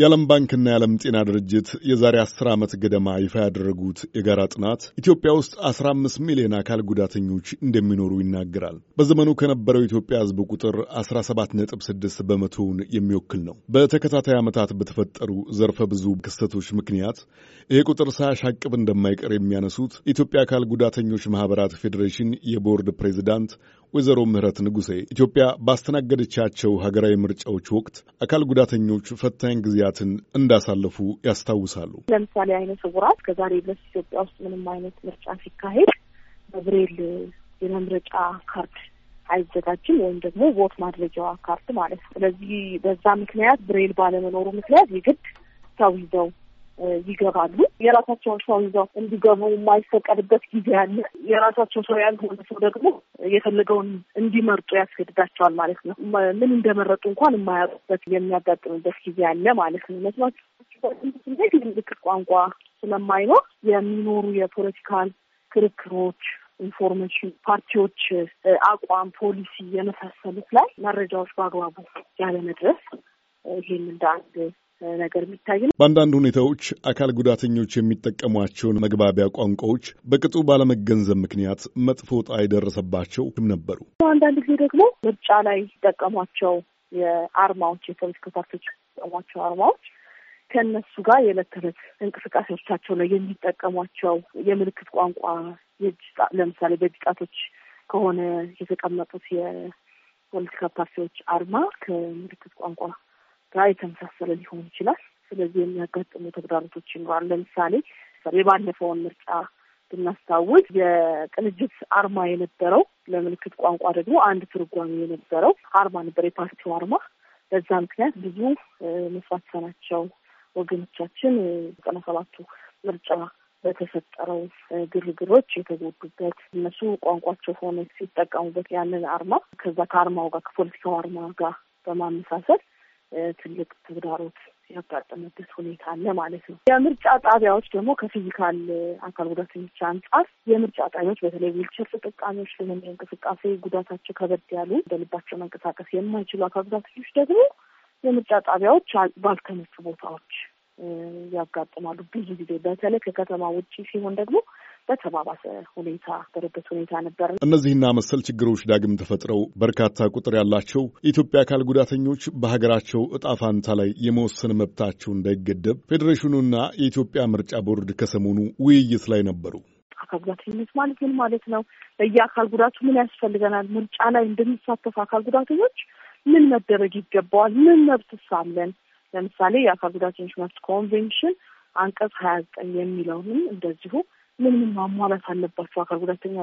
የዓለም ባንክና የዓለም ጤና ድርጅት የዛሬ አስር ዓመት ገደማ ይፋ ያደረጉት የጋራ ጥናት ኢትዮጵያ ውስጥ አስራ አምስት ሚሊዮን አካል ጉዳተኞች እንደሚኖሩ ይናገራል። በዘመኑ ከነበረው ኢትዮጵያ ሕዝብ ቁጥር አስራ ሰባት ነጥብ ስድስት በመቶውን የሚወክል ነው። በተከታታይ ዓመታት በተፈጠሩ ዘርፈ ብዙ ክስተቶች ምክንያት ይህ ቁጥር ሳያሻቅብ እንደማይቀር የሚያነሱት የኢትዮጵያ አካል ጉዳተኞች ማኅበራት ፌዴሬሽን የቦርድ ፕሬዚዳንት ወይዘሮ ምህረት ንጉሴ ኢትዮጵያ ባስተናገደቻቸው ሀገራዊ ምርጫዎች ወቅት አካል ጉዳተኞች ፈታኝ ጊዜ ጊዜያትን እንዳሳለፉ ያስታውሳሉ። ለምሳሌ አይነ ስውራት ከዛሬ ድረስ ኢትዮጵያ ውስጥ ምንም አይነት ምርጫ ሲካሄድ በብሬል የመምረጫ ካርድ አይዘጋጅም ወይም ደግሞ ቮት ማድረጊያዋ ካርድ ማለት ነው። ስለዚህ በዛ ምክንያት ብሬል ባለመኖሩ ምክንያት የግድ ሰው ይዘው ይገባሉ። የራሳቸውን ሰው ይዘው እንዲገቡ የማይፈቀድበት ጊዜ አለ። የራሳቸው ሰው ያልሆነ ሰው ደግሞ የፈለገውን እንዲመርጡ ያስገድዳቸዋል ማለት ነው። ምን እንደመረጡ እንኳን የማያውቁበት የሚያጋጥምበት ጊዜ አለ ማለት ነው። መስማት ምልክት ቋንቋ ስለማይኖር የሚኖሩ የፖለቲካል ክርክሮች ኢንፎርሜሽን፣ ፓርቲዎች አቋም፣ ፖሊሲ የመሳሰሉት ላይ መረጃዎች በአግባቡ ያለመድረስ ይህም እንደ አንድ ነገር የሚታይ ነው። በአንዳንድ ሁኔታዎች አካል ጉዳተኞች የሚጠቀሟቸውን መግባቢያ ቋንቋዎች በቅጡ ባለመገንዘብ ምክንያት መጥፎ ዕጣ የደረሰባቸው ነበሩ። አንዳንድ ጊዜ ደግሞ ምርጫ ላይ ሲጠቀሟቸው የአርማዎች የፖለቲካ ፓርቲዎች የሚጠቀሟቸው አርማዎች ከእነሱ ጋር የዕለት ተዕለት እንቅስቃሴዎቻቸው ላይ የሚጠቀሟቸው የምልክት ቋንቋ የእጅ ለምሳሌ በእጅ ጣቶች ከሆነ የተቀመጡት የፖለቲካ ፓርቲዎች አርማ ከምልክት ቋንቋ ጋር የተመሳሰለ ሊሆን ይችላል። ስለዚህ የሚያጋጥሙ ተግዳሮቶች ይኖራል። ለምሳሌ የባለፈውን ምርጫ ብናስታውስ የቅንጅት አርማ የነበረው ለምልክት ቋንቋ ደግሞ አንድ ትርጓሚ የነበረው አርማ ነበር፣ የፓርቲው አርማ። በዛ ምክንያት ብዙ መስዋዕት ሰናቸው ወገኖቻችን ዘጠና ሰባቱ ምርጫ በተፈጠረው ግርግሮች የተጎዱበት እነሱ ቋንቋቸው ሆነ ሲጠቀሙበት ያንን አርማ ከዛ ከአርማው ጋር ከፖለቲካው አርማ ጋር በማመሳሰል ትልቅ ተግዳሮት ያጋጠመበት ሁኔታ አለ ማለት ነው። የምርጫ ጣቢያዎች ደግሞ ከፊዚካል አካል ጉዳተኞች አንጻር የምርጫ ጣቢያዎች በተለይ ዊልቸር ተጠቃሚዎች ስለሆነ እንቅስቃሴ ጉዳታቸው ከበድ ያሉ በልባቸው መንቀሳቀስ የማይችሉ አካል ጉዳተኞች ደግሞ የምርጫ ጣቢያዎች ባልተመቹ ቦታዎች ያጋጥማሉ። ብዙ ጊዜ በተለይ ከከተማ ውጭ ሲሆን ደግሞ በተባባሰ ሁኔታ በረበት ሁኔታ ነበር። እነዚህና መሰል ችግሮች ዳግም ተፈጥረው በርካታ ቁጥር ያላቸው የኢትዮጵያ አካል ጉዳተኞች በሀገራቸው እጣ ፋንታ ላይ የመወሰን መብታቸው እንዳይገደብ ፌዴሬሽኑና የኢትዮጵያ ምርጫ ቦርድ ከሰሞኑ ውይይት ላይ ነበሩ። አካል ጉዳተኞች ማለት ምን ማለት ነው? በየአካል ጉዳቱ ምን ያስፈልገናል? ምርጫ ላይ እንደሚሳተፉ አካል ጉዳተኞች ምን መደረግ ይገባዋል? ምን መብት ሳለን ለምሳሌ የአካል ጉዳተኞች መብት ኮንቬንሽን አንቀጽ ሀያ ዘጠኝ የሚለውንም እንደዚሁ ምን ምን ማሟላት አለባቸው አካል ጉዳተኛ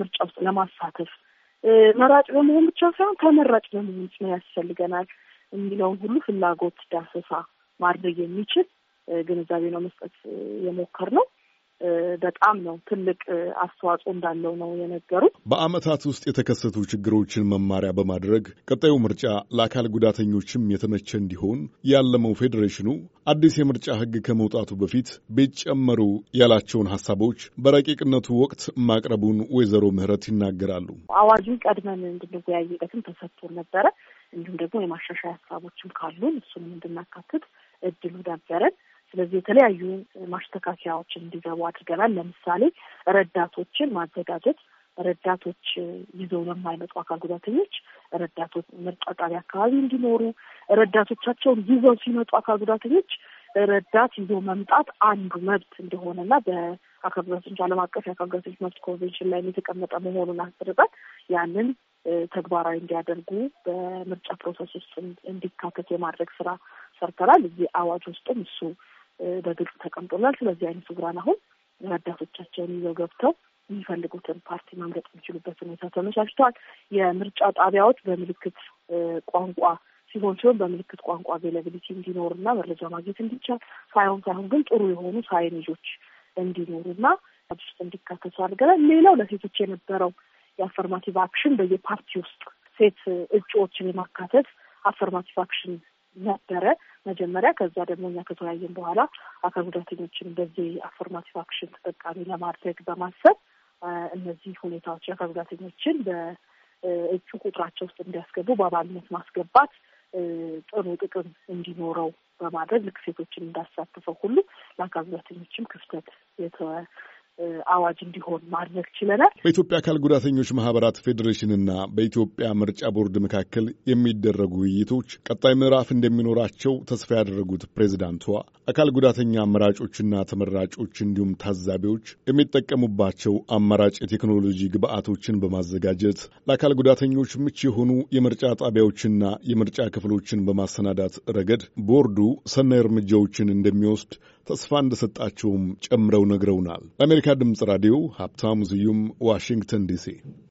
ምርጫ ውስጥ ለማሳተፍ መራጭ በመሆን ብቻ ሳይሆን ተመራጭ በመሆን ምን ያስፈልገናል የሚለውን ሁሉ ፍላጎት ዳሰሳ ማድረግ የሚችል ግንዛቤ ነው መስጠት ነው። በጣም ነው ትልቅ አስተዋጽኦ እንዳለው ነው የነገሩት። በአመታት ውስጥ የተከሰቱ ችግሮችን መማሪያ በማድረግ ቀጣዩ ምርጫ ለአካል ጉዳተኞችም የተመቸ እንዲሆን ያለመው ፌዴሬሽኑ አዲስ የምርጫ ሕግ ከመውጣቱ በፊት ቢጨመሩ ያላቸውን ሀሳቦች በረቂቅነቱ ወቅት ማቅረቡን ወይዘሮ ምህረት ይናገራሉ። አዋጁን ቀድመን እንድንወያይበትም ተሰጥቶ ነበረ። እንዲሁም ደግሞ የማሻሻያ ሀሳቦችም ካሉን እሱንም እንድናካትት እድሉ ነበረን። ስለዚህ የተለያዩ ማስተካከያዎችን እንዲገቡ አድርገናል። ለምሳሌ ረዳቶችን ማዘጋጀት ረዳቶች ይዘው ለማይመጡ አካል ጉዳተኞች ረዳቶች መጣጣሪ አካባቢ እንዲኖሩ ረዳቶቻቸውን ይዘው ሲመጡ አካል ጉዳተኞች ረዳት ይዞ መምጣት አንዱ መብት እንደሆነና በአካል ጉዳተኞች ዓለም አቀፍ የአካል ጉዳተኞች መብት ኮንቬንሽን ላይ የተቀመጠ መሆኑን አስርበት ያንን ተግባራዊ እንዲያደርጉ በምርጫ ፕሮሰስ ውስጥ እንዲካተት የማድረግ ስራ ሰርተናል። እዚህ አዋጅ ውስጥም እሱ በግልጽ ተቀምጦላል። ስለዚህ አይነ ስውራን አሁን ረዳቶቻቸውን ይዘው ገብተው የሚፈልጉትን ፓርቲ መምረጥ የሚችሉበት ሁኔታ ተመቻችተዋል። የምርጫ ጣቢያዎች በምልክት ቋንቋ ሲሆን ሲሆን በምልክት ቋንቋ አቬላብሊቲ እንዲኖርና መረጃ ማግኘት እንዲቻል ሳይሆን ሳይሆን ግን ጥሩ የሆኑ ሳይኔጆች እንዲኖሩና አዲስ ውስጥ እንዲካተቱ አድርገናል። ሌላው ለሴቶች የነበረው የአፈርማቲቭ አክሽን በየፓርቲ ውስጥ ሴት እጩዎችን የማካተት አፈርማቲቭ አክሽን ነበረ መጀመሪያ። ከዛ ደግሞ እኛ ከተወያየን በኋላ አካል ጉዳተኞችን በዚህ አፎርማቲቭ አክሽን ተጠቃሚ ለማድረግ በማሰብ እነዚህ ሁኔታዎች አካል ጉዳተኞችን በእጩ ቁጥራቸው ውስጥ እንዲያስገቡ በአባልነት ማስገባት ጥሩ ጥቅም እንዲኖረው በማድረግ ልክ ሴቶችን እንዳሳትፈው ሁሉ ለአካል ጉዳተኞችም ክፍተት የተወ አዋጅ እንዲሆን ማድረግ ችለናል። በኢትዮጵያ አካል ጉዳተኞች ማህበራት ፌዴሬሽንና በኢትዮጵያ ምርጫ ቦርድ መካከል የሚደረጉ ውይይቶች ቀጣይ ምዕራፍ እንደሚኖራቸው ተስፋ ያደረጉት ፕሬዚዳንቷ አካል ጉዳተኛ አመራጮችና ተመራጮች እንዲሁም ታዛቢዎች የሚጠቀሙባቸው አማራጭ የቴክኖሎጂ ግብዓቶችን በማዘጋጀት ለአካል ጉዳተኞች ምች የሆኑ የምርጫ ጣቢያዎችና የምርጫ ክፍሎችን በማሰናዳት ረገድ ቦርዱ ሰናይ እርምጃዎችን እንደሚወስድ ተስፋ እንደሰጣቸውም ጨምረው ነግረውናል። ድምፅ ራዲዮ ሀብታሙ ስዩም ዋሽንግተን ዲሲ